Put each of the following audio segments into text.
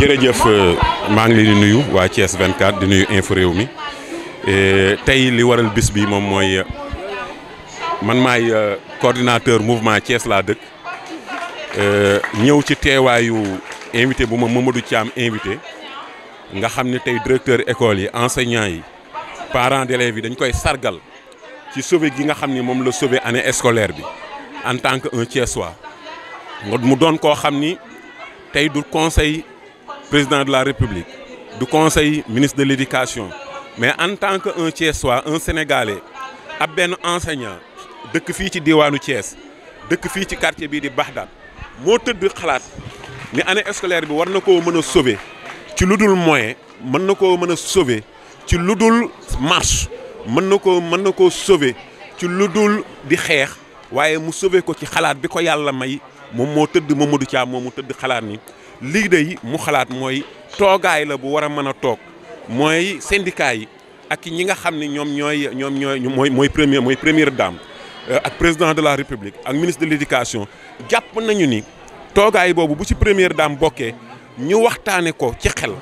jërëjëf euh, maa ngi leen di nuyu waa Thiès 24 di nuyu info réew mi tey li waral bis bi moom mooy euh, man maay euh, coordinateur mouvement Thiès laa dëkk ñëw ci teewaayu invité bu ma Mamadou Thiam invité nga xam ni tey directeur école yi enseignants yi parent d'élèves yi dañ koy sargal ci sauvé gi nga xam ni moom la sauvé année scolaire bi en tant que un Thiessois mu doon koo xam ni tey du conseil président de la République du conseil ministre de l'éducation mais en tant que un Thiessois un Sénégalais ab benn enseignant dëkk fii ci diwaanu Thiès dëkk fii ci quartier bii di Baxdaat moo tëdd xalaat ni année scolaire bi war na koo mën a sauver ci lu dul moyen mën na koo mën a sauver ci lu dul marche mën na koo mën na koo sauver ci lu dul di xeex waaye mu sauver ko ci xalaat bi ko yàlla may moom moo tëdd Mamadou Thiam moom mu tëdd xalaat ni lii day mu xalaat mooy toogaay la bu war a mën a toog mooy syndicat yi ak ñi nga xam ne ñoom ñooy ñoom ñooy mooy mooy premier mooy première dame euh, ak président de la république ak ministre de l'éducation jàpp nañu ni toogaay boobu bu ci première dame bokkee ñu waxtaane ko ci xel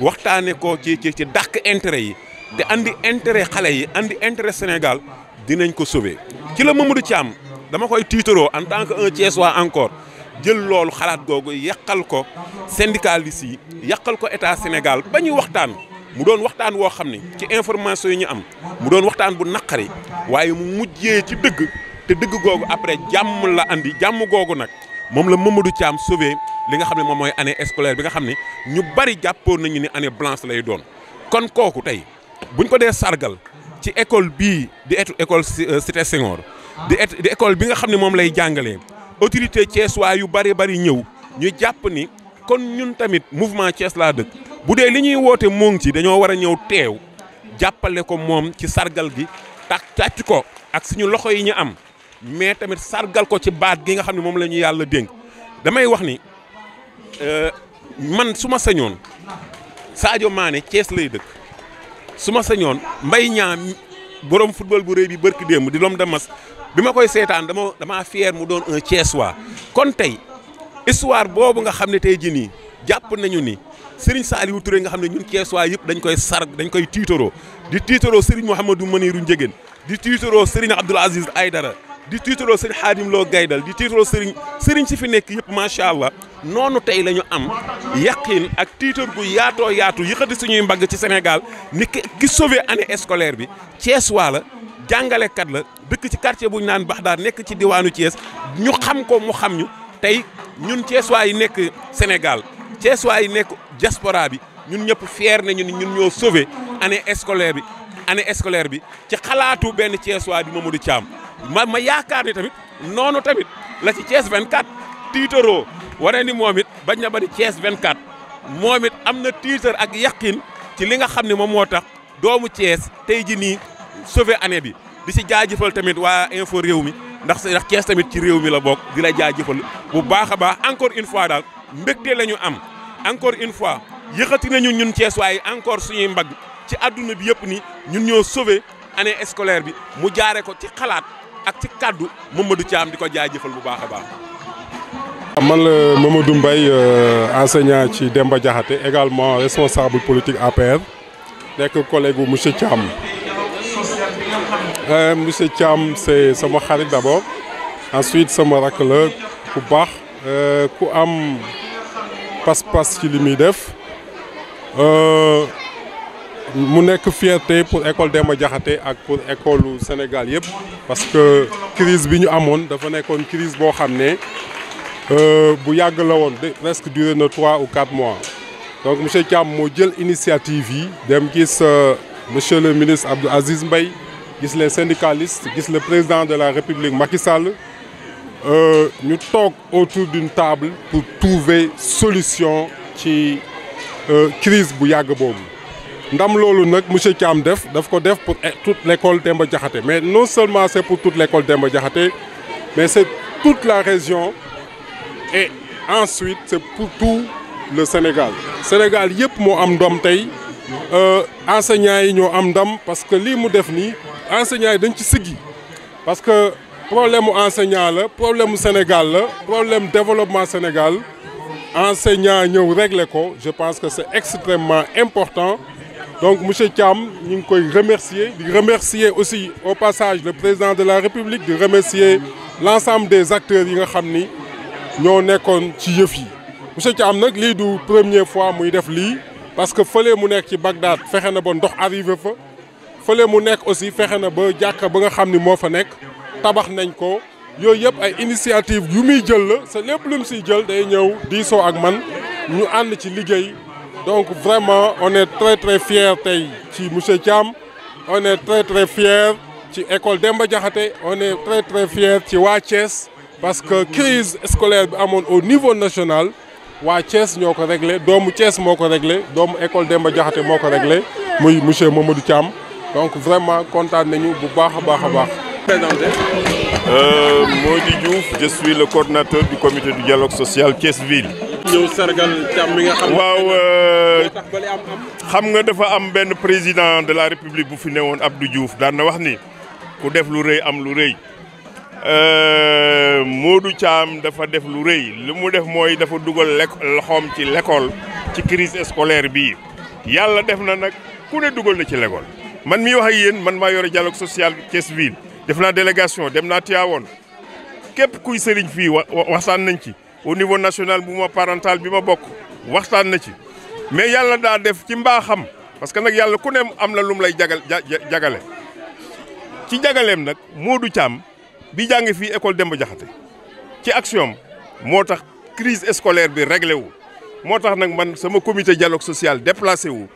waxtaane ko ci ci ci dàq intérêt yi te andi intérêt xale yi andi intérêt Sénégal dinañ ko sauver ci la Mamadou Thiam dama koy tiitaroo en tant que un Thiessois encore jël loolu xalaat googu yàqal ko syndicalistes yi yàqal ko état Sénégal ba ñu waxtaan mu doon waxtaan woo xam ne ci information yi ñu am mu doon waxtaan bu naqari waaye mu mujjee ci dëgg te dëgg googu après jàmm la andi jàmm googu nag moom la Mamadou Thiam sauvé li nga xam ne moom mooy année scolaire bi nga xam ne ñu bari jàppoon nañu ni année blanche lay doon kon kooku tey buñ ko dee sargal ci école bii di école euh, Cité Senghor di di école bi nga xam ne moom lay jàngalee autorité Thiès waa yu bari bari ñëw ñu jàpp ni kon ñun tamit mouvement Thiès laa dëkk bu dee li ñuy woote moo ngi ci dañoo war a ñëw teew jàppale ko moom ci sargal gi tak tàcc ko ak suñu loxo yi ñu am mais tamit sargal ko ci baat gi nga xam ne moom la yàlla dénk damay wax ni euh, man suma ma sañoon Sadio Mané Thiès lay dëkk su ma sañoon Mbaye Niang borom football bu rëy bi bërki démb di lom damas bi ma koy seetaan dama damaa fier mu doon un Thiessois kon tey histoire boobu nga xam ne tey jii nii jàpp nañu ni Serigne Saliou Touré nga xam ne ñun Thiessois yëpp dañ koy sar dañ koy tiitoroo di tiitaroo Serigne Mouhamadou Manirou Ndiéguène di tiitaroo Serigne Abdoul Aziz Aydara di tiitaroo Serigne Khadim Lo Gaydal di tiitaroo Serigne Serigne si fi nekk yëpp macha allah noonu tey lañu am yaqin ak tiitar gu yaatoo yaatu yëkkati suñuy mbagg ci Sénégal ni ki sauvé année scolaire bi Thiessois la. jàngalekat la dëkk ci quartier bu ñu naan Baxdaar nekk ci diwaanu Thiès ñu xam ko mu xam ñu tey ñun Thiessois yi nekk Sénégal Thiessois yi nekk diaspora bi ñun ñëpp fier nañu ni ñun ñoo sauvé année scolaire bi année scolaire bi ci xalaatu benn bi Thiessois di Mamadou Thiam ma ma yaakaar ni tamit noonu tamit la ci Thiès 24 tiitaroo wane ni moom it bañ na ba ni Thiès 24 moom it am na tiitar ak yaqin ci li nga xam ne moom moo tax doomu Thiès tey ji nii sauver année bi di si jaajëfal tamit waa info réew mi ndax ndax Thiès tamit ci réew mi la bokk di la jaajëfal bu baax a baax encore une fois daal mbégte la ñu am encore une fois yëkkati nañu ñun Thiès waaye encore suñuy mbagg ci àdduna bi yëpp ni ñun ñoo sauver année scolaire bi mu jaare ko ci xalaat ak ci kàddu Mamadou Thiam di ko jaajëfal bu baax a baax. man la Mamadou Mbaye euh, enseignant ci Demba Diakhaté également responsable politique APR nekk collègue bu monsieur Thiam. monsieur Thiam c'est sama xarit d'abord ensuite sama rakk la ku baax euh, ku am pas-pas ci li muy def euh, mu nekk fierté pour école Demba Diakhaté ak pour école Sénégal yëpp parce que crise bi ñu amoon dafa nekkoon crise boo xam ne euh, bu yàgg la woon presque duré na trois ou quatre mois donc monsieur Thiam moo jël initiative yi dem gis monsieur le ministre Abdou Aziz mbay gis les syndicalistes gis le président de la République Macky Sall euh, ñu toog autour d'une table pour trouver solution ci euh, crise bu yàgg boobu ndam loolu nag monsieur Thiam def daf ko def pour toute l'école Demba Diakhaté mais non seulement c'est pour toute l'école Demba Diakhaté mais c'est toute la région et ensuite c'est pour tout le Sénégal Sénégal yëpp moo am ndam tey Euh, enseignants yi ñoo am ndam parce que lii mu def nii enseignants yi dañ ci siggi parce que problème mu enseignant la problème mu Sénégal la problème développement Sénégal enseignant ñëw régler ko je pense que c'est extrêmement important donc monsieur Thiam ñu ngi koy remercier di remercier aussi au passage le président de la République di remercier l'ensemble des acteurs yi nga xam ni ñoo nekkoon ci yëf yi monsieur Thiam nag lii du première fois muy def lii parce que fële mu nekk ci Bagdad fexe na ba ndox arrivé fa fële mu nekk aussi fexe na ba jàkka ba nga xam ni moo fa nekk tabax nañ ko yooyu yëpp ay initiative yu muy jël la sa lépp lu siy jël day ñëw diisoo ak man ñu ànd ci liggéey donc vraiment on est très très fier tey ci monsieur Thiam on est très très fier ci école Demba Diakhaté on est très très fier ci waa Thiès parce que crise scolaire bi amoon au niveau national waa cees ñoo ko réglé doomu cees moo ko réglé doomu école Demba Diakhaté moo ko réglé muy monsieur du Thiam donc vraiment kontaan nañu bu baax a baax a baax. Euh, Mody Diouf je suis le coordinateur du comité du dialogue social Thiès ville. ñëw sargal Thiam mi nga xam. waaw euh, nga dafa am benn président de la république bu fi newoon Abdou Diouf daan na wax ni ku def lu rëy am lu rëy. Euh, Modou Thiam dafa def lu rëy li mu def mooy dafa dugal loxoom ci l'école ci crise scolaire bii yàlla def na nag ku ne dugal na ci l'école man mi wax ak yéen man maa yore dialogue social Thiès ville def naa délégation dem naa Tivaouane képp kuy sëriñ fii waxtaan nañ ci au niveau national bu ma parental bi ma bokk waxtaan na ci mais yàlla daa def ci mbaaxam parce que nag yàlla ku ne am na lum lay jagal jagale ci jagaleem nag Modou Thiam bi jàng fii école Demba Jaxate ci action moo tax crise scolaire bi réglé wu moo tax nag man sama comité dialogue social déplacé wu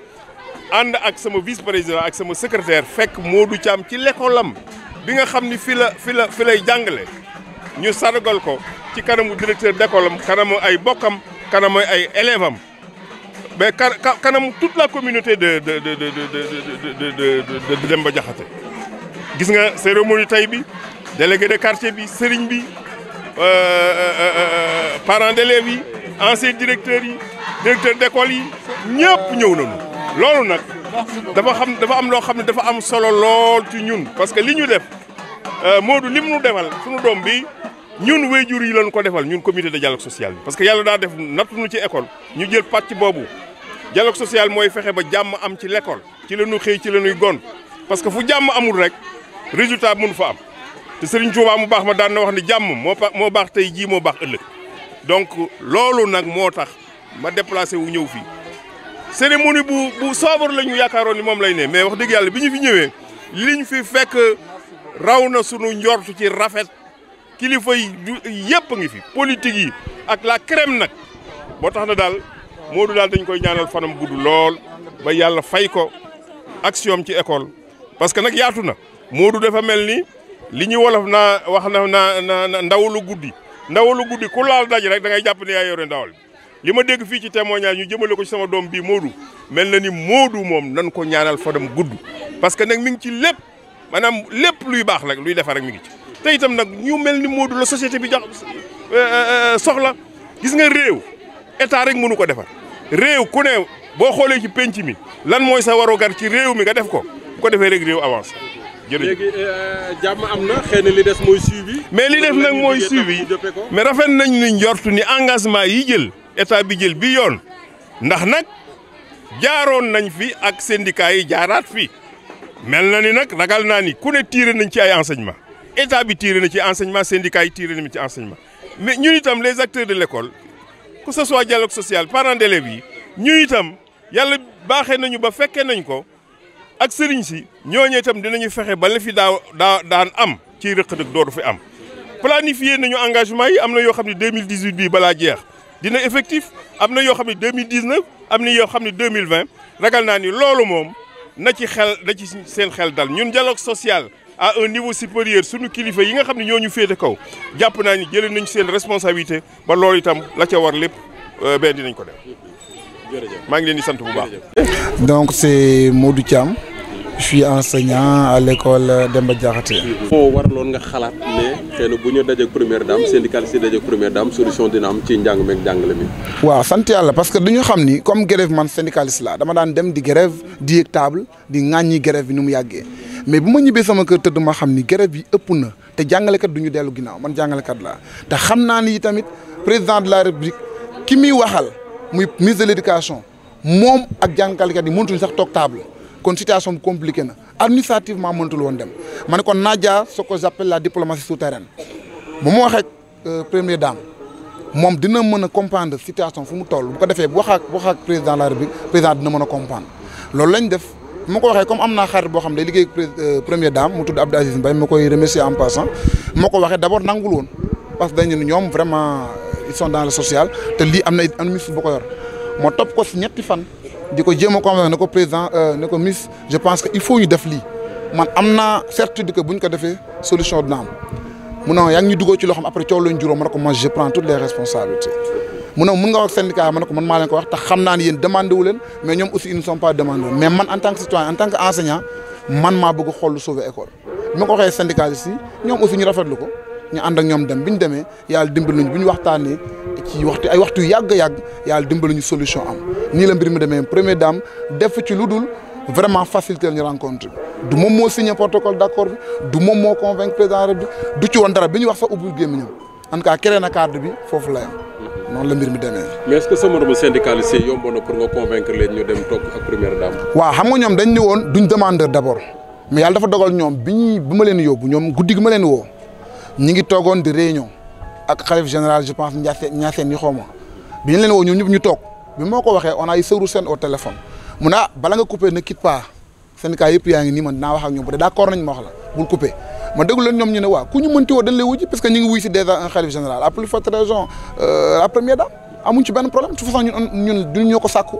ànd ak sama vice président ak sama secrétaire fekk Modou Thiam ci l'école am bi nga xam ni fi la fi la fi lay jàngale ñu sargal ko ci kanamu directeur d'école am kanamu ay bokkam kanamu ay élève am mais kanamu toute la communauté de de de de de de de Demba Jaxate gis nga cérémonie tey bi délégué de quartier bi sëriñ bi euh, euh, euh, parents d'élèves yi anciens directeurs yi directeur d'école yi ñëpp ñëw nañu loolu nag dafa xam dafa am loo xam ne dafa am solo lool ci ñun parce que li ñu def Modou li mu nu defal suñu doom bi ñun wéyjur yi lañu ko defal ñun comité de dialogue social parce que yàlla daa def nattuñu ci école ñu jël pàcc boobu dialogue social mooy fexe ba jàmm am ci l'école ci la ñu xëy ci la ñuy gon parce que fu jàmm amul rek résultat mun fa am te Serigne Touba mu baax ma daan na wax ni jàmm moo moo baax tey jii moo baax ëllëg donc loolu nag moo tax ma déplacé wu ñëw fii cérémonie bu bu soobar la ñu yaakaaroon ni moom lay ne mais wax dëgg yàlla bi ñu fi ñëwee liñ fi fekk raw na sunu njortu ci rafet kilifa yi yëpp a ngi fi politique yi ak la crème nag boo tax na daal Modou daal dañ koy ñaanal fanam gudd lool ba yàlla fay ko action ci école parce nag yaatu na Modou dafa mel ni. li ñu wolof naa wax na na na ndawalu guddi ndawalu guddi ku laal daj rek da ngay jàpp ne yaa yore ndawal li ma dégg fii ci témoignage ñu jëmale ko ci sama doom bii Modou mel na ni Modou moom nan ko ñaanal fadam gudd parce que nag mi ngi ci lépp maanaam lépp luy baax rek luy defar rek mi ngi ci te itam nag ñu mel ni Modou la société bi jox euh, euh, euh, soxla gis nga réew état rek mënu ko defar réew ku ne boo xoolee ci penc mi lan mooy sa warugar ci réew mi nga def ko bu ko defee réew avance jërëjëf léegi euh, jàmm am des mooy suivi. mais li def nag mooy suivi mais rafet nañ ni njortu ni engagement yi jël état bi jël bi yoon ndax nag jaaroon nañ fi ak syndicat yi jaaraat fi mel na ni nag ragal naa ni ku ne tiire nañ ci ay ma état bi tiire na ci enseignement syndicat yi tiire nañ ci ma mais ñun itam les acteurs de l'école ku ce soit dialogue social parents d'élèves yi ñun itam yàlla baaxe nañu ba fekkee nañ ko. ak sëriñ si ñooñu itam dinañu fexe ba la fi daaw daa daan am ci rëq-rëq dootu fi am planifié nañu engagement yi am na yoo xam ne 2018 bii balaa jeex dina effectif am na yoo xam ne 2019 am na yoo xam ne 2020 ragal naa ni loolu moom na ci xel na ci seen xel dal ñun dialogue sociale à un niveau supérieur suñu kilifa yi nga xam ne ñoo ñu féete kaw jàpp naa ni jëlee nañu seen responsabilité ba loolu itam la ca war lépp euh, benn dinañ ko def. maa ngi leen di sant bu baax. donc c'est Modou Thiam. je suis enseignant à l'école Demba Diakhaté. moo waraloon nga xalaat ne xëy na bu ñu dajeeg première dame syndicaliste yi dajeeg première dame solution dina am ci njàng meeg njàngale mi. waaw sant yàlla parce que dañu xam ni comme grève man syndicaliste la dama daan dem di grève di yëg table di ŋàññi grève bi nu mu yàggee mais bu ma ñibbee sama kër tëdd ma xam ni grève bi ëpp na te jàngalekat du ñu dellu ginnaaw man jàngalekat laa te xam naa ni tamit président la république ki muy waxal. muy ministre de l' éducation moom ak jàngalekat yi nu sax toog table kon situation bu compliqué na administrativement mënatul woon dem ma ne kon naa jaar ce que j' appelle la diplomatie souterraine bu ma waxee ak euh, première dame moom dina mën a comprendre situation fu mu toll bu ko defee wax ak wax ak président de la République président dina mën a comprendre loolu lañ def. bi ma ko waxee comme am naa xarit boo xam ne day liggéey euh, première dame mu tudd Abdou Aziz Mbaye ko waxee d' abord nangul woon parce que dañu ñoom vraiment. ils sont dans le social te lii am na it am na ministre ko yor moo topp ko si ñetti fan di ko jéem a convaincre ko président euh, ne ko ministre je pense que il faut ñu def lii man am naa certitude que bu ñu ko defee solution dina am mu ne yaa ngi ñu duggoo ci loo xam après coow lañ juróom ma ne ko mun nga wax syndicat ma ko man maa leen ko wax te xam naa ne yéen demandé wu leen mais ñoom aussi ils ne sont pas demandeurs mais man en tant que citoyen en tant que enseignant man maa bëgg xool sauver école ko. ñu ànd ak ñoom dem bi ñu demee yàlla dimbali ñu bu waxtaanee ci waxtu ay waxtu yàgg yàgg yàlla dimbali ñu solution am nii la mbir mi demee première dame def ci lu dul vraiment faciliter ñu rencontre bi du moom moo signé protocole d' accord bi du moom moo convaincre président bi du ci woon dara bi ñu wax sax ubbi gémmiñam en tout cas créé na cadre bi foofu la noonu la mbir mi demee. mais est-ce que sa moromu syndicaliste yi yomboon na pour nga convaincre xam nga ñoom dañ ni woon duñ demandeur d' abord mais yàlla dafa dogal ñoom bi ñuy bi ma leen yóbbu ñoom guddi gi ma leen woo. ñi ngi toogoon di réunion ak xalif général je pense Niassène Niassène yi xaw ma bi ñu leen woo ñoom ñëpp ñu toog bi moo ko waxee on a eu Seydou Sène au téléphone mu ne ah bala nga coupé ne quitte pas syndicat yëpp yaa ngi nii man naa wax ak ñoom bu dee d'accord nañ ma wax la bul coupé ma déglu leen ñoom ñu ne waa ku ñu mënti woo dañ lay wuji parce que ñu ngi wuy si déjà un général à plus forte raison euh, la première dame amuñ ci benn problème de façon ñun ñun ñoo ko sàkku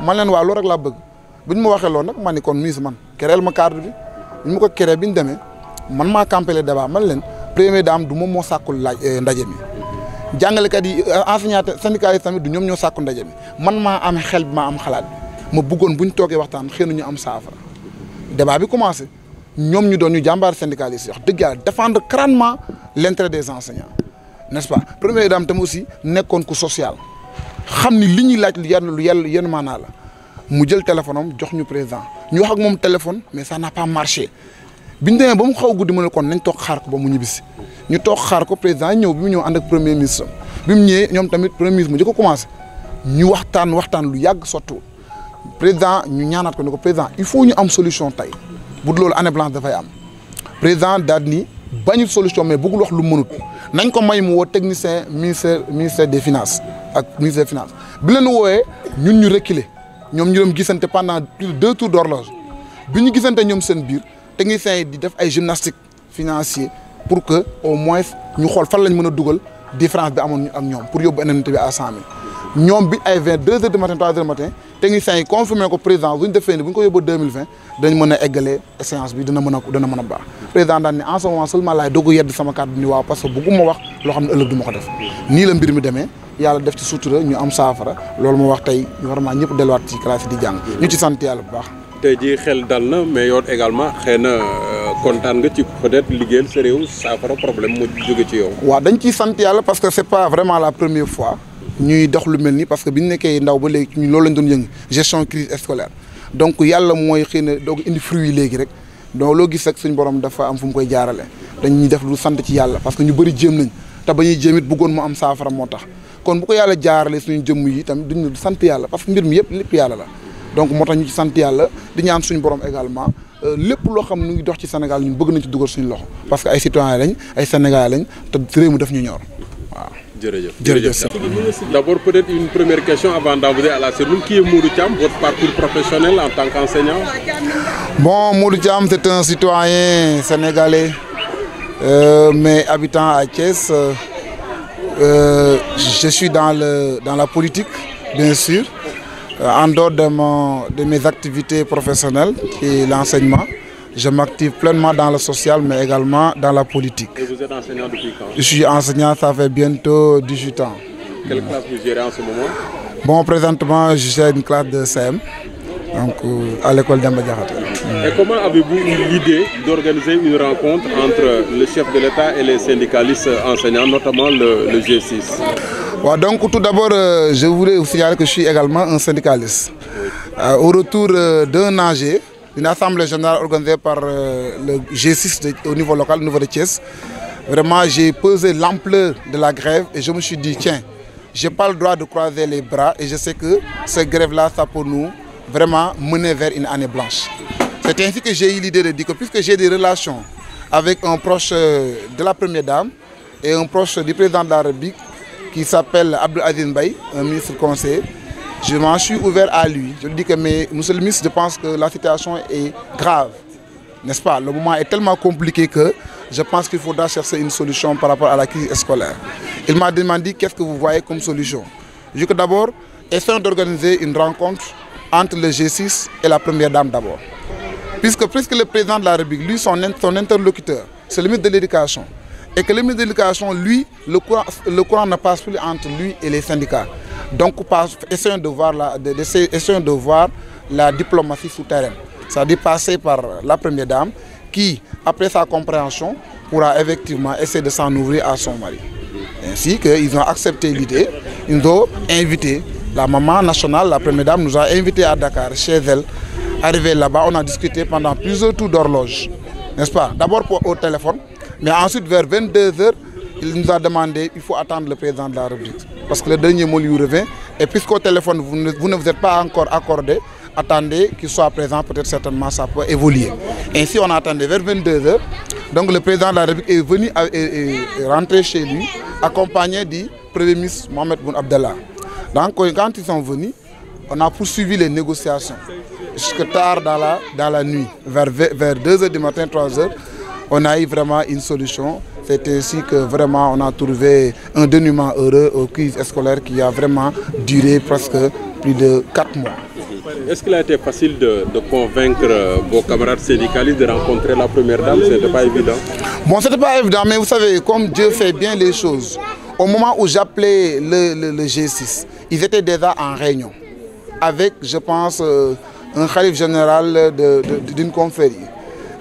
man leen waa loolu rek laa bëgg bu ñu ma waxee loolu nag ma ne kon mise man kereel ma cadre bi bu bi ñu demee man maa campé le man leen première dame du moom moo sàkkul laaj eh, ndaje mi jàngalekat yi eh, enseignant syndicats yi tamit du ñoom ñoo sàkku ndaje mi man maa am xel bi maa am xalaat ma bëggoon bu ñu toogee waxtaan xëy na ñu am saafara débat bi commencé ñoom ñu doon ñu jàmbaar syndicalistes wax dëgg yàlla défendre crânement lentre intérêt des enseignants n' est ce pas première dame tamit aussi nekkoon ku social xam ni li ñuy laaj lu yàlla lu yàlla yenn maanaa la mu jël téléphone am jox ñu président ñu wax ak moom téléphone mais ça n'a pas marché biñ demee ba mu xaw guddi mu ne kon nañ toog xaar ko ba mu ñibbisi ñu toog xaar ko président ñëw bi mu ñëw ak premier ministre bi mu ñëwee ñoom tamit premier ministre mu jëkk ko commencé ñu waxtaan waxtaan lu yàgg sottiwul président ñu ñaanaat ko ne ko président il faut ñu am solution tey bu dul loolu année blanche dafay am président daal ni bañu solution mais bëggul wax lu mënut nañ ko may mu woo technicien ministère ministère des finances ak ministère des bi leen wooyee ñun ñu reculer ñoom ñu doon gisante pendant plus de deux bi ñu gisante ñoom seen biir. techniciens yi di def ay gymnastique financier pour que au moins ñu xool fan lañ mën a dugal différence bi amoon ak ñoom pour yóbbu indemnité bi à cent mille ñoom bi ay vingt deux heures yi confirmé ko président bu ñu defee ni bu ñu ko yóbbu deux mille vingt dañ mën a eggalee séance bi dina mën a dina mën a baax président daan ni en ce laay doog a yedd sama kàddu ni waaw parce que bëgguma wax loo xam ne ëllëg du ko def nii la mbir mi demee yàlla def ci sutura ñu am saafara loolu moo wax tey vraiment ñëpp delluwaat ci classe di jàng ñu ci sant yàlla bu baax tey jii xel dal na mais yow également xëy na euh, kontaan nga ci peut-être liggéeyal sa réew saafara problème mu jóge ci yow. waaw dañ ciy sant yàlla parce que c'est pas vraiment la première fois. ñuy dox lu mel nii parce que bi ñu nekkee ndaw ba léegi ñun loolu lañ doon yëngu gestion crise scolaire donc yàlla mooy xëy na doog indi fruit yi léegi rek donc loo gis rek suñ borom dafa am fu mu koy jaarale dañuy def lu sant ci yàlla parce que ñu bëri jéem nañ te ba ñuy jéem it bëggoon am saafara moo tax kon bu ko yàlla jaarale suñu jëmm yi tamit sant yàlla parce mbir mi yëpp lépp yàlla la donc moo tax ñu ci sant yàlla di ñaan suñu borom également euh, lépp loo xam nu ngi dox ci Sénégal ñun bëgg nañ ci dugal suñu loxo parce que ay citoyen lañ ay sénégalais lañ te réew mi daf ñu ñor waaw. jërëjëf jërëjëf d'abord peut-être une première question avant d'aborder à la seconde qui est Modou Thiam votre parcours professionnel en tant qu'enseignant. bon Modou Thiam c'est un citoyen sénégalais euh, mais habitant à Thiès euh, euh, je suis dans le dans la politique bien sûr. Euh, en dehors de, mon, de mes activités professionnelles et l'enseignement, je m'active pleinement dans le sociale mais également dans la politique. Et Je suis enseignant, ça fait bientôt 18 ans. en ce moment Bon, présentement, je gère une classe de CM, donc euh, à l'école d'Ambadjarat. Et comment avez-vous eu l'idée d'organiser une rencontre entre le chef de l'État et les syndicalistes enseignants, notamment le, G6 Ouais, donc tout d'abord, euh, je voulais vous signaler que je suis également un syndicaliste. Euh, au retour euh, d'un AG, une assemblée générale organisée par euh, le G6 de, au niveau local, au niveau de Thiès, vraiment j'ai pesé l'ampleur de la grève et je me suis dit, tiens, je n'ai pas le droit de croiser les bras et je sais que cette grève-là, ça pour nous vraiment mener vers une année blanche. C'est ainsi que j'ai eu l'idée de dire que puisque j'ai des relations avec un proche euh, de la Première et un proche du Président qui s'appelle Abdou Aziz Mbaye, un ministre conseiller. Je m'en suis ouvert à lui. Je dis que, mais, monsieur le ministre, je pense que la situation est grave. N'est-ce pas Le moment est tellement compliqué que je pense qu'il faudra chercher une solution par rapport à la crise scolaire. Il m'a demandé qu'est-ce que vous voyez comme solution. Je que d'abord, essayons d'organiser une entre le G6 et la Première Dame d'abord. Puisque, le président de la République, lui, et que le ministre de l'Éducation, lui, le courant, le courant ne passe plus entre lui et les syndicats. Donc, essayons de voir la, de, essayons de voir la diplomatie souterraine, c'est-à-dire passer par la Première Dame, qui, après sa compréhension, pourra effectivement essayer de s'en ouvrir à son mari. Ainsi qu'ils ont accepté l'idée, ils La maman nationale, la Première Dame, nous a invités à Dakar, chez elle. Arrivé là-bas, on a discuté pendant plusieurs tours d'horloge, n'est-ce pas D'abord au téléphone, Mais ensuite, vers 22h, il nous a demandé il faut attendre le président de la République. Parce que le dernier mot lui revient. Et puisqu'au téléphone, vous ne, vous ne vous êtes pas encore accordé, attendez qu'il soit présent, peut-être certainement ça peut évoluer. Ainsi, on attendait vers 22 Donc le président de la République est venu à, et, et rentrer chez lui, accompagné du Premier ministre Mohamed Boun Abdallah. Donc quand ils sont venus, on a poursuivi les négociations jusque la, dans la nuit, vers, vers 2h on a eu vraiment une solution. C'est ainsi que vraiment on a trouvé un dénouement heureux au quiz scolaire qui a vraiment duré presque plus de 4 mois. Est-ce qu'il a été facile de, de, convaincre euh, vos camarades syndicalistes de rencontrer la première dame Ce n'était pas évident. Bon, ce n'était pas évident, mais vous savez, comme Dieu fait bien les choses, au moment où j'appelais le, le, le, G6, ils étaient déjà en réunion avec, je pense, euh, un calife général d'une conférence,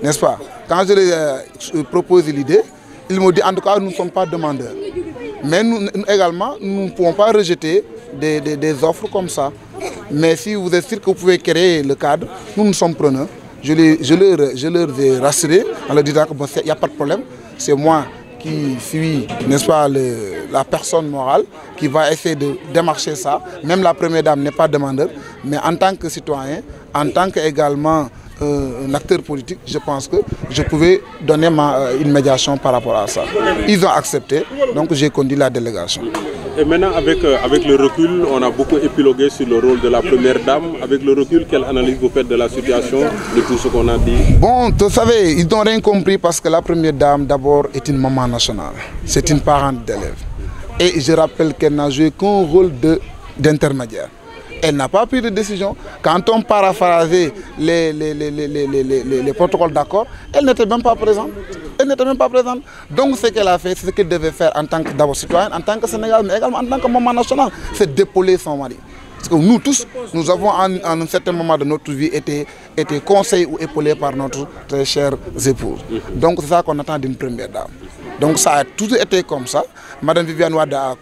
n'est-ce pas Quand je leur euh, propose l'idée, ils m'ont dit en tout cas, nous ne sommes pas demandeurs. Mais également, nous ne pouvons pas rejeter des, des, des, offres comme ça. Mais si vous êtes sûr que vous pouvez créer le cadre, nous nous sommes preneurs. Je, les, je, leur, je leur ai rassuré en leur disant qu'il bon, n'y a pas de problème. C'est moi qui suis, nest pas, le, la personne morale qui va essayer de démarcher ça. Même la première dame n'est pas demandeur. Mais en tant que citoyen, en tant qu'également euh, un acteur politique, je pense que je pouvais donner ma, euh, une médiation par rapport à ça. Ils ont accepté, donc j'ai conduit la délégation. Et maintenant, avec, euh, avec le recul, on a beaucoup épilogué sur le rôle de la Première Dame. Avec le recul, quelle analyse vous faites de la situation, de tout ce qu'on a dit Bon, vous savez, ils n'ont rien compris parce que la Première Dame, d'abord, est une maman nationale. C'est une parente d'élèves. Et je rappelle qu'elle n'a joué qu'un rôle d'intermédiaire. elle n'a pas pris de décision. Quand on paraphrasait les, protocoles d'accord, elle n'était même pas Elle n'était même pas Donc ce qu'elle a fait, c'est ce qu'elle devait faire en tant que d'abord citoyenne, en tant que Sénégal, mais également en tant que maman nationale, c'est d'épauler son Parce que nous tous, nous avons en, en, un de notre vie été, été ou épaulés par notre très épouse. Donc c'est ça qu'on attend d'une première dame. Donc ça a toujours été comme ça. Madame Viviane Wade a,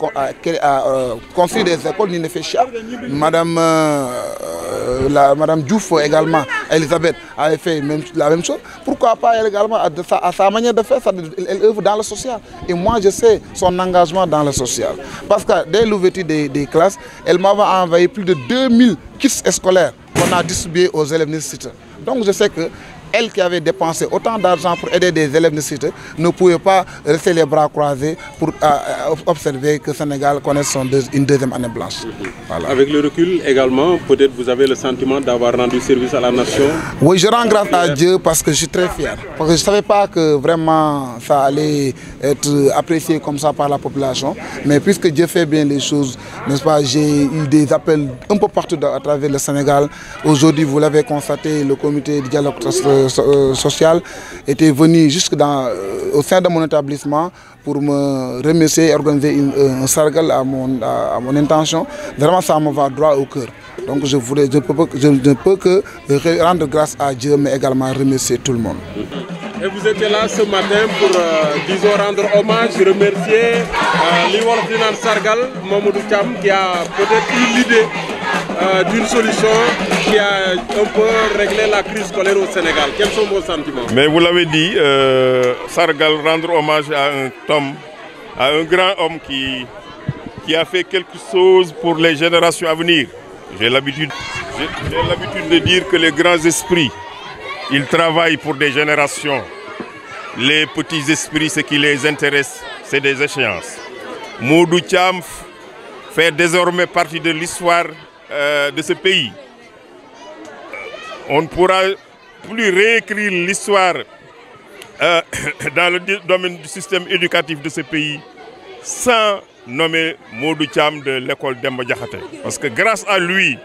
a, euh, des écoles Ninefecha. Madame, euh, euh, la, Madame Diouf également, Elisabeth, avait fait même, la même chose. Pourquoi pas elle également, à, sa, à sa, manière de faire, ça, elle œuvre dans le social. Et moi, je sais son engagement dans le social. Parce que dès l'ouverture des, des classes, elle m'avait envoyé plus de 2000 kits scolaires qu'on a distribués aux élèves nécessiteurs. Donc je sais que elle qui avait dépensé autant d'argent pour aider des élèves nécessités ne pouvait pas rester les pour euh, euh, observer que Sénégal connaît une deuxième année blanche. Mhm. Avec le recul également, peut-être vous avez le sentiment d'avoir rendu service à la nation Oui, je rends à Dieu parce que je suis très fier. que je ne savais pas comme ça par la population. Mais puisque Dieu fait bien les choses, nest pas, j'ai des appels un peu partout à travers le Sénégal. Aujourd'hui, vous Euh, sociale était venu jusque dans, euh, au sein de mon établissement pour me remercier et organiser une, euh, un sargal à mon, intention. Vraiment, ça me va droit au cœur. Donc je, ne peux que rendre grâce à Dieu, mais également remercier tout le monde. Et vous étiez là ce matin pour, disons, rendre hommage, remercier euh, Liwan Finan Sargal, Mamoudou Cham, qui a peut-être l'idée d'une solution qui a un peu réglé la crise scolaire au Sénégal. Quels sont vos sentiments Mais vous l'avez dit, euh, Sargal rendre hommage à un homme, grand homme qui, a fait quelque chose pour les générations à venir. J'ai l'habitude de dire que les grands esprits, ils travaillent pour des générations. Les petits esprits, ce qui les intéresse, c'est des échéances. Moudou fait désormais partie de l'histoire euh, de ce pays. on ne pourra plus réécrire l'histoire euh, dans le domaine du système éducatif de ce pays sans nommer Modou Thiam de l'école Demba Diakhaté. Parce que grâce à lui,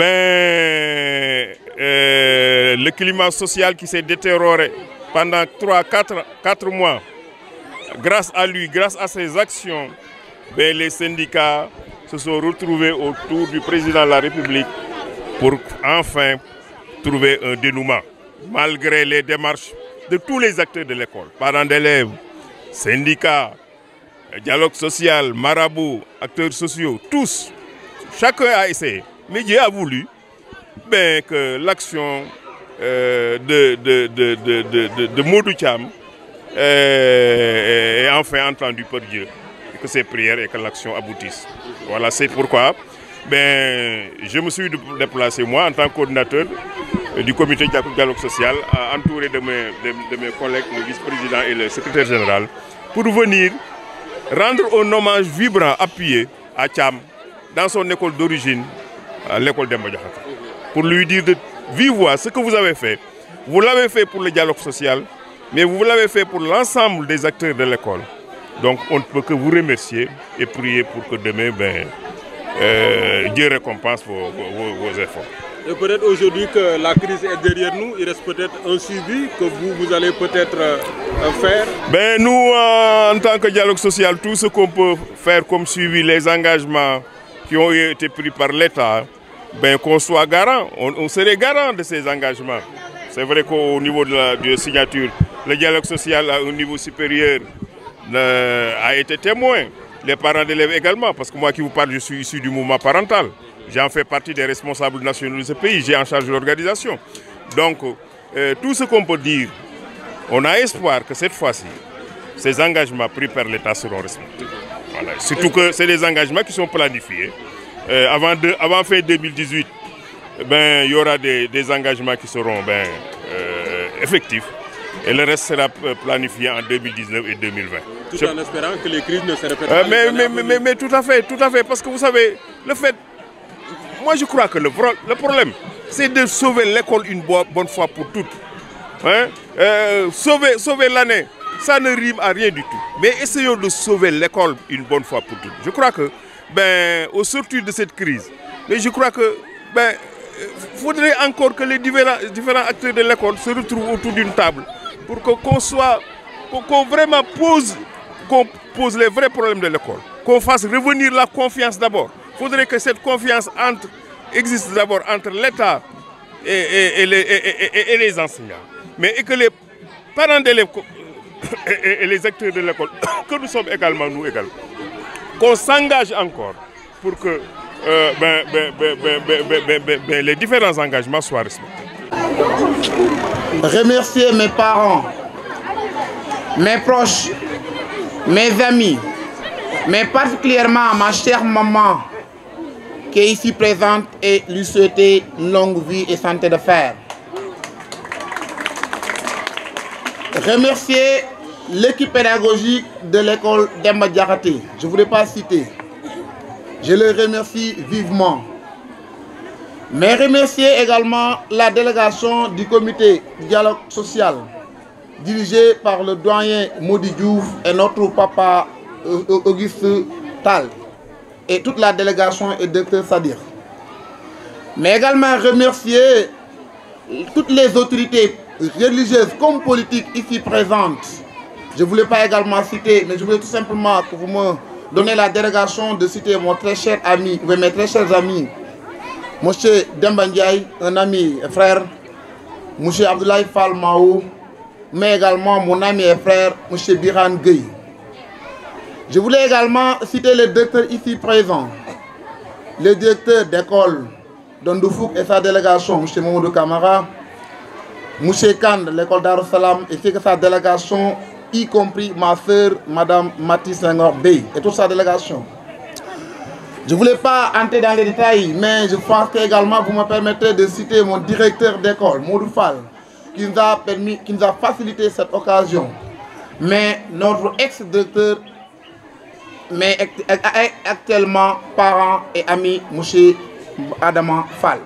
euh, le climat social qui s'est détérioré pendant 3, quatre 4 mois, grâce à lui, grâce à ses actions, ben, les syndicats se sont retrouvés autour du président de la République pour enfin trouver un dénouement, malgré les démarches de tous les acteurs de l'école, parents d'élèves, syndicats, dialogue social, marabouts, acteurs sociaux, tous, chacun a essayé. Mais Dieu a voulu ben, que l'action euh, de, de, de, de, de Modou Cham euh, est enfin entendue par Dieu, et que ses prières et que l'action aboutisse. Voilà, c'est pourquoi ben, je me suis déplacé, moi, en tant que coordinateur du comité dialogue social, entouré de mes, de, de mes collègues, le vice-président et le secrétaire général, pour venir rendre un hommage vibrant, appuyé à Cham, dans son école d'origine, l'école d'Embadjahaka, pour lui dire de vive voix ce que vous avez fait. Vous l'avez fait pour le dialogue social, mais vous l'avez fait pour l'ensemble des acteurs de l'école. Donc on ne peut que vous remercier et prier pour que demain, ben, euh, Dieu récompense vos, vos, vos efforts. Et peut-être aujourd'hui que la crise est derrière nous, il reste peut-être un suivi que vous, allez peut-être euh, faire ben Nous, euh, en tant que dialogue social, tout ce qu'on peut faire comme suivi, les engagements qui ont été pris par l'État, ben, qu'on soit garant, on, on, serait garant de ces engagements. C'est vrai qu'au niveau de la de signature, le dialogue social niveau supérieur euh, a été témoin. les parents d'élèves également, parce que moi qui vous parle, je suis issu du mouvement en charge l'organisation. Donc, euh, tout ce qu'on peut dire, on fois-ci, ces engagements pris par l'État seront respectés. Voilà. Surtout que c'est des engagements qui sont planifiés. Euh, avant, de, avant fin 2018, ben, il y aura des, des engagements qui seront euh, et le reste sera planifié en 2019 et 2020. Tout Je... en espérant que les crises ne euh, à fait, tout à fait, parce que vous savez, le fait, moi je crois que le, le problème, c'est de sauver l'école une bonne fois pour toutes. Hein? Euh, sauver sauver l'année, ça ne rime à rien du tout. Mais essayons de sauver l'école une bonne fois pour toutes. Je crois que, ben, au sortir de cette crise, mais je crois que, ben, euh, faudrait encore que les différents, différents acteurs de l'école se retrouvent autour d'une table pour que qu'on soit, pour qu'on vraiment pose, les vrais problèmes de l'école, qu'on fasse revenir la confiance d'abord. Il faudrait que cette confiance entre, existe d'abord entre l'État et, et, et, les, et, les enseignants, mais que les parents d'élèves et, les acteurs de l'école, que nous sommes également, nous également, qu'on s'engage encore pour que euh, ben, ben, ben, les différents engagements soient respectés. remercier mes parents, mes proches, mes amis, mais particulièrement ma chère maman qui est ici présente et lui souhaiter une longue vie et santé de fer. Remercier l'équipe pédagogique de l'école d'Emma Je ne voulais pas citer. Je les remercie vivement. Mais remercier également la délégation du comité dialogue social dirigé par le doyen Maudi Diouf et notre papa euh, Auguste Tal et toute la délégation et docteur Sadir. Mais également remercier toutes les autorités religieuses comme politiques ici présentes. Je ne voulais pas également citer, mais je voulais tout simplement que vous me donniez la délégation de citer mon très cher ami, mes très chers amis, Monsieur Demba Ndiaye, un ami et frère. Monsieur Abdoulaye Falmaou, mais également mon ami et frère, Monsieur Biran Gueye. Je voulais également citer les directeurs ici présents, le directeur d'école d'Ondoufouk et sa délégation, M. Momodou Kamara, M. Kand, l'école d'Arsalam, et que sa délégation, y compris ma sœur, Mme Mathis Senghor Bey, et toute sa délégation. Je ne voulais pas entrer dans les détails, mais je pense que vous me permettrez de citer mon directeur d'école, Mouroufal, qui a permis, qui nous a facilité cette occasion. Mais notre ex-directeur, mais actuellement parent et ami, M. Adaman Fall.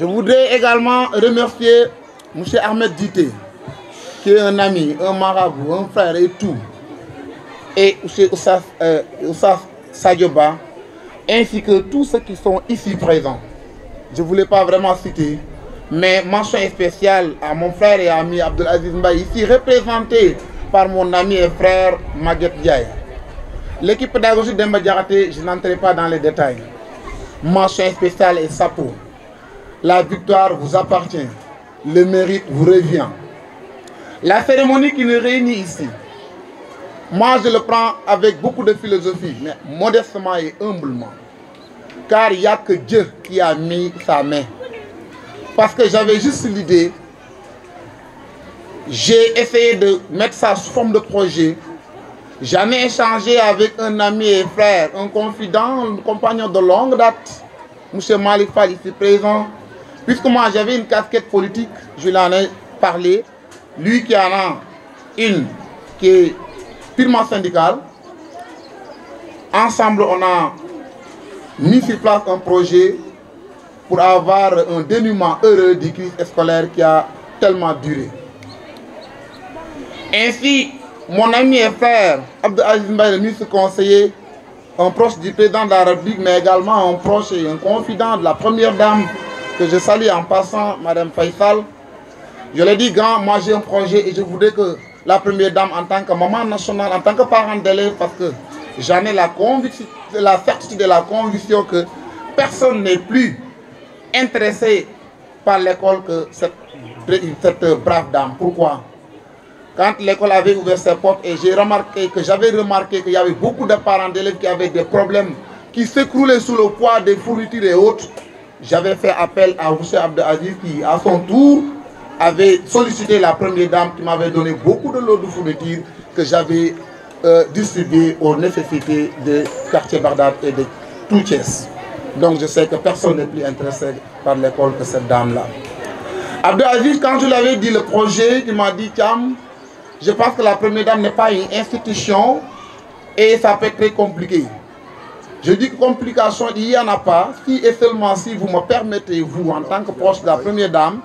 Je voudrais également remercier monsieur Ahmed Dité, qui est un ami, un marabout, un frère et tout. Et M. ainsi que tous ceux qui sont ici présents. Je ne voulais pas vraiment citer, mais mention spéciale à mon frère et ami Abdelaziz Mbaye, ici représenté par mon ami et frère Maguette Diaye. L'équipe pédagogique d'Emba je n'entrerai pas dans les détails. Mention spéciale et sapo. La victoire vous appartient. Le mérite vous revient. La cérémonie qui nous réunit ici, Moi, je le prends avec beaucoup de philosophie, mais modestement et humblement. Car il n'y a que Dieu qui a mis sa main. Parce que j'avais juste l'idée, j'ai essayé de mettre ça sous forme de projet. J'en ai échangé avec un ami et frère, un confident, un compagnon de longue date, M. Malik Fall, ici présent. Puisque moi j'avais une casquette politique, je lui en ai parlé. Lui qui en a une, qui est purement syndicale. Ensemble, on a mis sur place un projet pour avoir un dénouement heureux du crise scolaire qui a tellement duré. Ainsi, mon ami et frère Abdou Aziz Mbaye, le ministre conseiller, un proche du président de la République, mais également un proche et un confident de la première dame que je salue en passant, Madame Faisal. Je l'ai dit, grand, moi j'ai un projet et je voudrais que la première dame en tant que maman nationale, en tant que parent d'élève, parce que j'en ai la, la certitude et la conviction que personne n'est plus intéressé par l'école que cette, cette brave dame. Pourquoi Quand l'école avait ouvert ses portes et j'ai remarqué que j'avais remarqué qu'il y avait beaucoup de parents d'élèves qui avaient des problèmes, qui s'écroulaient sous le poids des fournitures et autres, j'avais fait appel à M. Abdelaziz qui, à son tour, avait sollicité la première dame qui m'avait donné beaucoup de lots de fournitures que j'avais euh, distribué aux nécessités de quartier et de tout Donc je sais que personne n'est plus intéressé par l'école que cette dame-là. Abdou Aziz, quand je lui dit le projet, il m'a dit, Tiam, je pense que la première dame n'est pas une institution et ça peut Je complication, il a pas, si si vous me permettez, que proche de la première dame,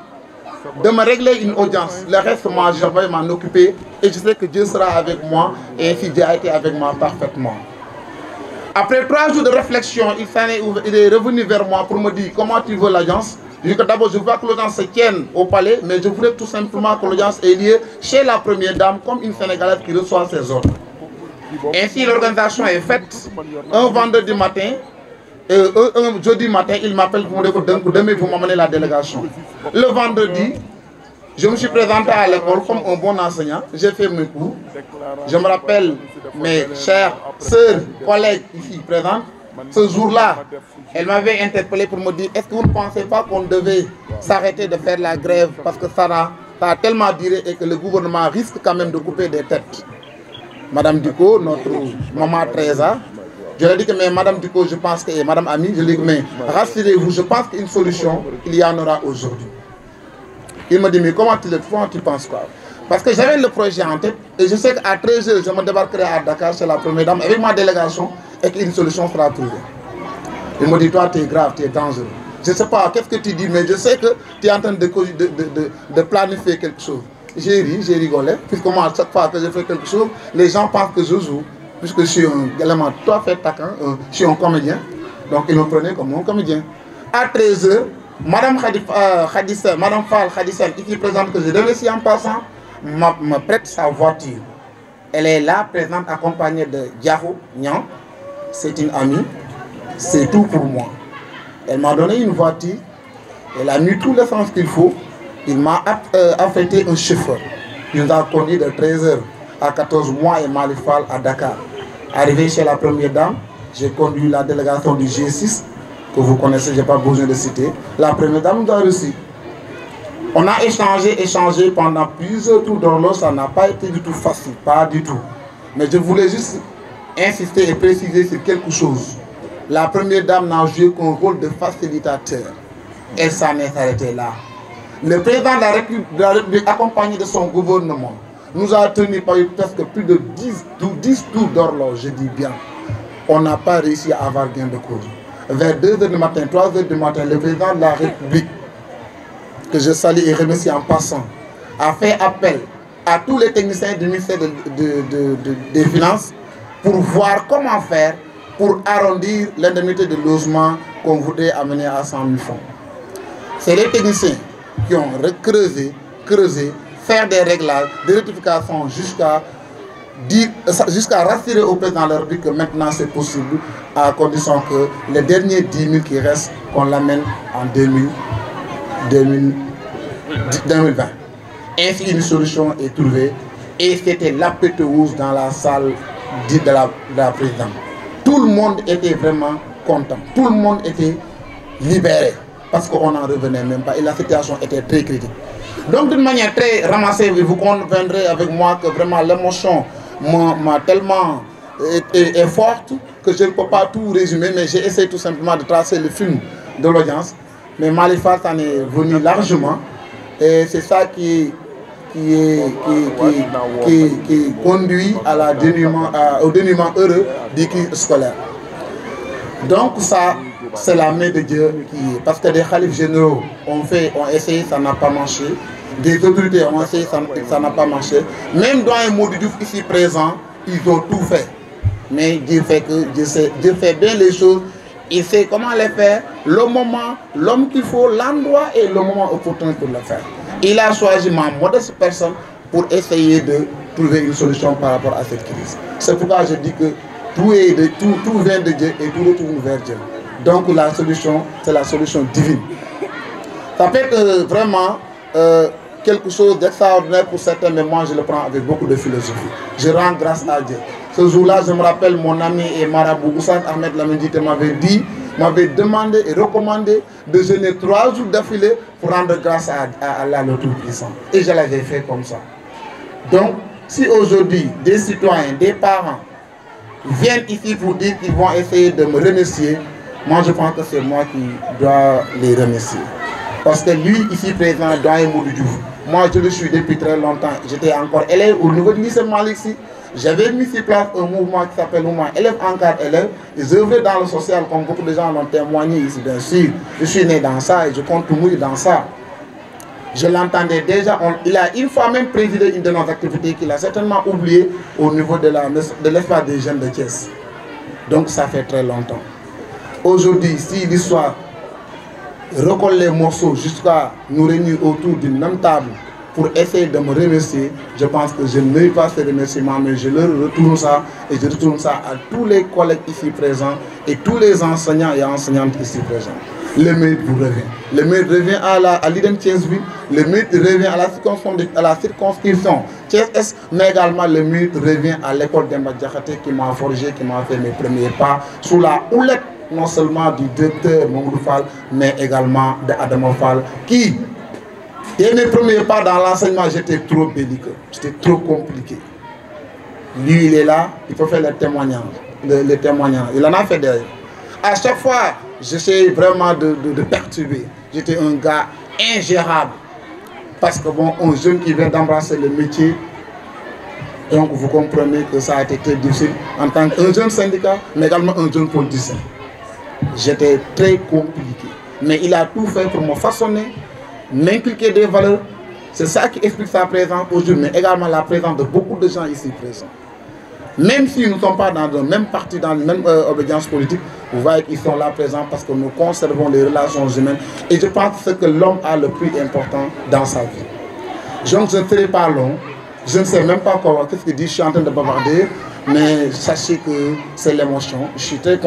de me régler une audience. Le reste, moi, je vais m'en occuper et je sais que Dieu sera avec moi et ainsi Dieu a été avec moi parfaitement. Après trois jours de réflexion, il, est, il est revenu vers moi pour me dire comment tu veux l'audience. Je dis que l'audience se tienne au palais, mais je voulais tout simplement que l'audience ait lieu chez la première dame, comme une Sénégalaise qui reçoit ses ordres. Ainsi, l'organisation est faite. Un vendredi matin, Et un, un, jeudi matin, il m'appelle pour demain vous m'amener la délégation. Le vendredi, je me suis présenté à l'école comme un bon enseignant. J'ai fait mes cours. Je me rappelle mes chères sœurs, collègues ici présentes. Ce jour-là, elle m'avait interpellé pour me dire est-ce que vous ne pensez pas qu'on devait s'arrêter de faire la grève parce que ça a, ça a tellement duré et que le gouvernement risque quand même de couper des têtes Madame Ducot, notre maman 13 ans, Je leur dis que mais Madame Ducot, je pense que, et Madame Ami, je lui dis vous je pense qu'une solution, il y en aura aujourd'hui. Il me dit mais comment tu tu penses quoi parce que j'avais le projet en tête et je sais qu'à 13h, je me débarquerai à Dakar chez la première dame avec ma délégation et qu'une solution sera trouvée. Il me dit, toi, qu'est-ce que tu dis, mais je sais que tu es en train de, planifier quelque chose. J'ai ri, j'ai rigolé, puisque moi, à que je que je joue. puisque je suis un élément tout à fait taquin, hein, euh, un comédien. Donc ils me prenaient comme un comédien. À 13h, Madame Khadif, euh, Khadissa, Madame Fall Khadissa, qui présente que je devais si en passant, me prête sa voiture. Elle est là, présente, accompagnée de Diaro Nyan. C'est une amie. C'est tout pour moi. Elle m'a donné une voiture. Elle a mis tout l'essence qu'il faut. Il m'a euh, affecté un chauffeur. Il nous a de 13h à 14 mois et Malifal à Dakar. Arrivé chez la première dame, j'ai conduit la délégation du G6, que vous connaissez, je pas besoin de citer. La première dame nous a reçu. On a échangé, échangé pendant plusieurs tours d'horloge, ça n'a pas été du tout facile, pas du tout. Mais je voulais juste insister et préciser sur quelque chose. La première dame n'a joué qu'un rôle de facilitateur. Elle s'en est arrêtée là. Le président de la République, accompagné de son gouvernement, nous a tenu par presque plus de 10, 10 tours d'horloge, je dis bien. On n'a pas réussi à avoir gain de cause. Vers 2h du matin, 3h du matin, le président de la République, que je salue et remercie en passant, a fait appel à tous les techniciens du de, des Finances pour voir comment faire pour arrondir l'indemnité de logement qu'on voudrait amener à 100 000 francs. C'est les techniciens qui ont creusé, faire des réglages, des rectifications jusqu'à jusqu'à rassurer au président de la République que maintenant c'est possible à condition que les derniers 10 000 qui restent, qu'on l'amène en 2000, 2000, 2020. Ainsi, une solution est trouvée et c'était l'apétose dans la salle dite de la, de la Tout le monde était vraiment content, tout le monde était libéré parce qu'on n'en revenait même pas et la situation était très critique. Donc d'une manière très ramassée, vous conviendrez avec moi que vraiment l'émotion m'a tellement est, est, forte que je ne peux pas tout résumer, mais j'ai essayé tout simplement de tracer le film de l'audience. Mais Malifat en est venu largement et c'est ça qui, est, conduit à la dénuement, à, au dénuement scolaire. c'est la main de Dieu Parce que des khalifs généraux on fait, ont essayé, ça n'a pas marché. Des autorités ont essayé, ça n'a pas marché. Même dans un mot du ici présent, ils ont tout fait. Mais Dieu fait que Dieu, sait, Dieu fait bien les choses. Il comment les faire, le moment, l'homme qu'il faut, l'endroit et le moment opportun pour le faire. Il a choisi ma modeste personne pour essayer de trouver une solution par rapport à cette crise. C'est pourquoi je dis que tout, est de, tout, tout vient Donc la solution, la solution divine. Ça peut vraiment euh, quelque chose d'extraordinaire pour je le prends avec beaucoup de philosophie. Je rends grâce à Dieu. Ce jour-là, je me rappelle mon ami et marabout Goussan Ahmed Lamedjite m'avait dit, m'avait demandé et recommandé de jeûner trois jours d'affilée pour rendre grâce à, à Allah le Tout-Puissant. Et je l'avais fait comme ça. Donc, si aujourd'hui, des citoyens, des parents viennent ici pour dire qu'ils vont essayer de me remercier, moi je pense que c'est moi qui dois les remercier. Parce que lui, i présent, Doyen Moudoudou, moi je le suis depuis très longtemps, j'étais encore élève au niveau du lycée Malixi. J'avais mis sur place un mouvement qui s'appelle Mouvement Élève Encart Élève. Ils œuvraient dans le social, comme beaucoup de gens l'ont témoigné ici, bien sûr. Je suis né dans ça et je compte dans ça. Je l'entendais déjà, il a une fois même présidé une de nos activités qu'il a certainement oubliée des jeunes de Thiès. Donc ça fait très aujourd'hui, si l'histoire recolle les morceaux jusqu'à nous réunir autour d'une même table pour essayer de me remercier, je pense que je ne mérite pas ce remerciement, mais je leur retourne ça et je tous les collègues ici présents et tous les enseignants et enseignantes ici présents. Le mérite vous revient. Le mérite revient à la à le mérite revient à la la circonscription TSS, mais également le mérite revient à l'école d'Emba qui m'a forgé, qui m'a fait mes premiers pas sous la houlette non seulement du directeur Mamoudou mais également de Adamo Fall, qui, dès mes premiers pas dans l'enseignement, j'étais trop belliqueux, c'était trop compliqué. Lui, il est là, il peut faire les témoignages, les, les Il en a fait d'ailleurs. À chaque fois, j'essayais vraiment de, de, de perturber. J'étais un gars ingérable. Parce que bon, un jeune qui vient d'embrasser le métier, donc vous comprenez que ça a été très en tant qu'un jeune syndicat, mais également un jeune politicien. j'étais très compliqué. Mais il a tout fait pour me façonner, m'inculquer des valeurs. C'est ça qui explique sa présence aujourd'hui, mais également la présence de beaucoup de gens ici présents. Même si nous sommes pas dans le même parti, dans la même euh, obédience politique, vous voyez qu'ils sont là présents parce que nous conservons les relations humaines. Et je pense que l'homme a le plus important dans sa vie. je ne sais même pas quoi, qu'est-ce mais sachez que c'est l'émotion. Je suis très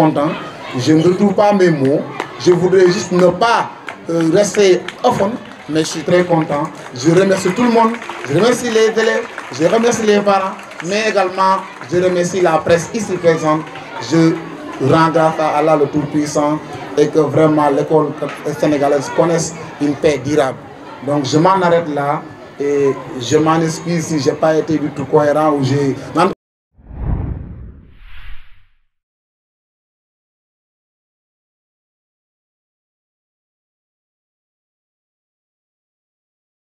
Je ne retrouve pas mes mots. Je voudrais juste ne pas euh, rester offen, mais je suis très content. Je remercie tout le monde. Je remercie les élèves. Je remercie les parents. Mais également, je remercie la presse ici présente. Je rends grâce à Allah le Tout-Puissant et que vraiment l'école sénégalaise connaisse une paix durable. Donc je m'en arrête là et je m'en excuse si je n'ai pas été du tout cohérent ou j'ai...